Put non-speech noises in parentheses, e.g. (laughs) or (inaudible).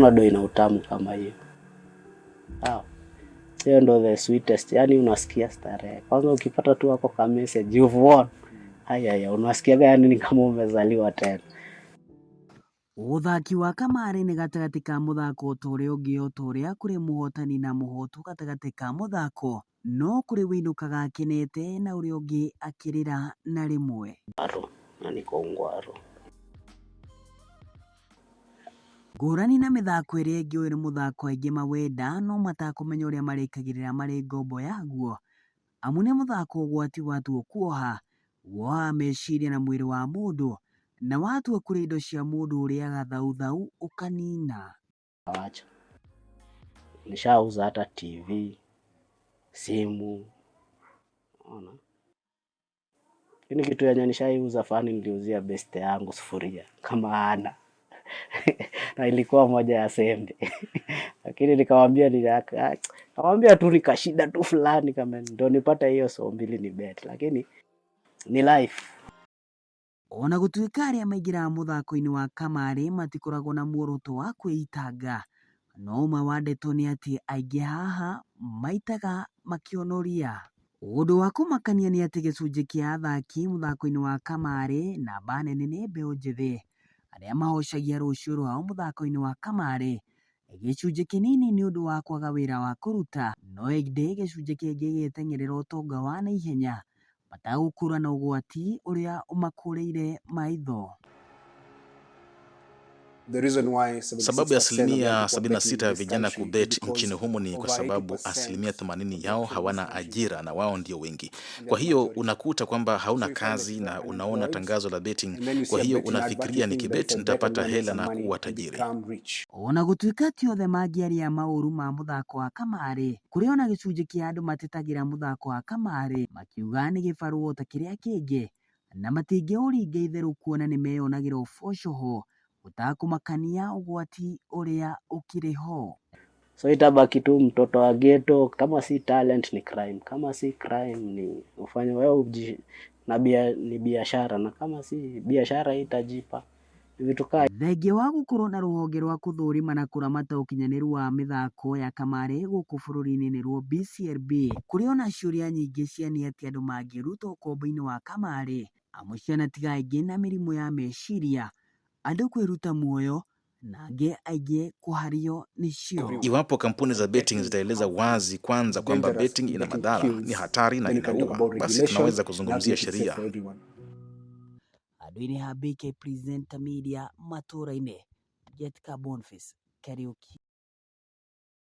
Una do ina utamu kama hiyo. Sawa. Hiyo ndo the sweetest. Yaani unasikia starehe. Kwanza ukipata tu wako ka message you've won. Haya haya unasikia gani yani ni kama umezaliwa tena. Uthaki wa kamarĩ ni gatagatĩ ka mũthako ta ũrĩa ũngĩ o muhotani na muhotu gatagatĩ ka mũthako no kũrĩ winukaga akenete na uri ũngĩ akirira na rimwe. Aro na nĩ kwa Ngũrani na mĩthako ĩrĩa ĩngĩ ũyũ nĩ mũthako aingĩ mawenda no matakũmenya ũrĩa marĩkagĩrĩra marĩ ngombo yaguo, amu nĩ mũthako ũgwati watua kuoha, wohaga meciria na mwĩrĩ wa mũndũ na watua kũrĩa indo cia mũndũ ũrĩaga thauthau ũkanina. Nishauza hata TV, simu, ona Lakini kitu yenye nishaiuza fani niliuzia beste yangu sufuria kama ana (laughs) na ilikuwa moja ya sembe (laughs) lakini nikamwambia nikamwambia tu nikashinda tu fulani, kama ndo nipata hiyo so mbili ni bet, lakini ni life ona gutuika aria muthako-ini wa kamari matikoragwo na muoroto wa kwĩitanga no ma wa ndeto nĩ atĩ aingĩ haha maitaga makionoria ũndũ wa kũmakania ni atĩ gĩcunjĩ kĩa athaki mũthako-inĩ wa kamarĩ namba nene nĩ mbeũ njĩthĩ arĩa mahocagia rũciũ rwao mũthako-inĩ wa kamarĩ gĩcunjĩ kĩnini nĩ ũndũ wa kwaga wĩra wa kũruta no ĩndĩ gĩcunjĩ kĩngĩ gĩteng'erera ũtonga wa naihenya matagũkũũrana ũgwati ũrĩa ũmakũrĩire maitho Sababu ya asilimia 76 ya vijana kubet nchini humo ni kwa sababu asilimia 80 yao hawana ajira na wao ndio wengi. Kwa hiyo unakuta kwamba hauna kazi na unaona tangazo la betting, kwa hiyo unafikiria kibet nitapata hela na kuwa tajiri. ona gutwika ti othe mangiaria mauru ma muthako wa kamarĩ kuri ona gĩcunjĩ kĩa andu matitagira muthako wa kamarĩ makiuga nĩ gĩbarũo ta kĩrĩa kĩngĩ na matingĩũringa itherũ kuona nĩ meyonagĩra ũboco ho ũtakũmakania ũgwati ũrĩa ũkĩrĩ ho. So itabaki tu mtoto wa geto kama si talent ni crime, kama si crime ni ufanye wewe uji na bia, ni biashara na kama si biashara itajipa vitu kaa. Thengia wa gũkorwo na rũhonge rwa gũthũrima na kũramata ũkinyanĩru wa mĩthako ya kamarĩ gũkũ bũrũri-inĩ nĩruo BCRB, kũrĩ ona ciũria nyingĩ cia nĩ atĩa andũ mangĩrutwo ũkombo wa kamarĩ amu ciana tiga aingĩ na mĩrimũ ya meciria andũ kwĩruta muoyo nangĩ aingĩ kuhario nĩcio. Iwapo kampuni za betting zitaeleza wazi kwanza kwamba betting ina madhara, ni hatari na inaua, basi tunaweza kuzungumzia sheria. andũ ha BK Presenter Media matũra Jetka Boniface Kariuki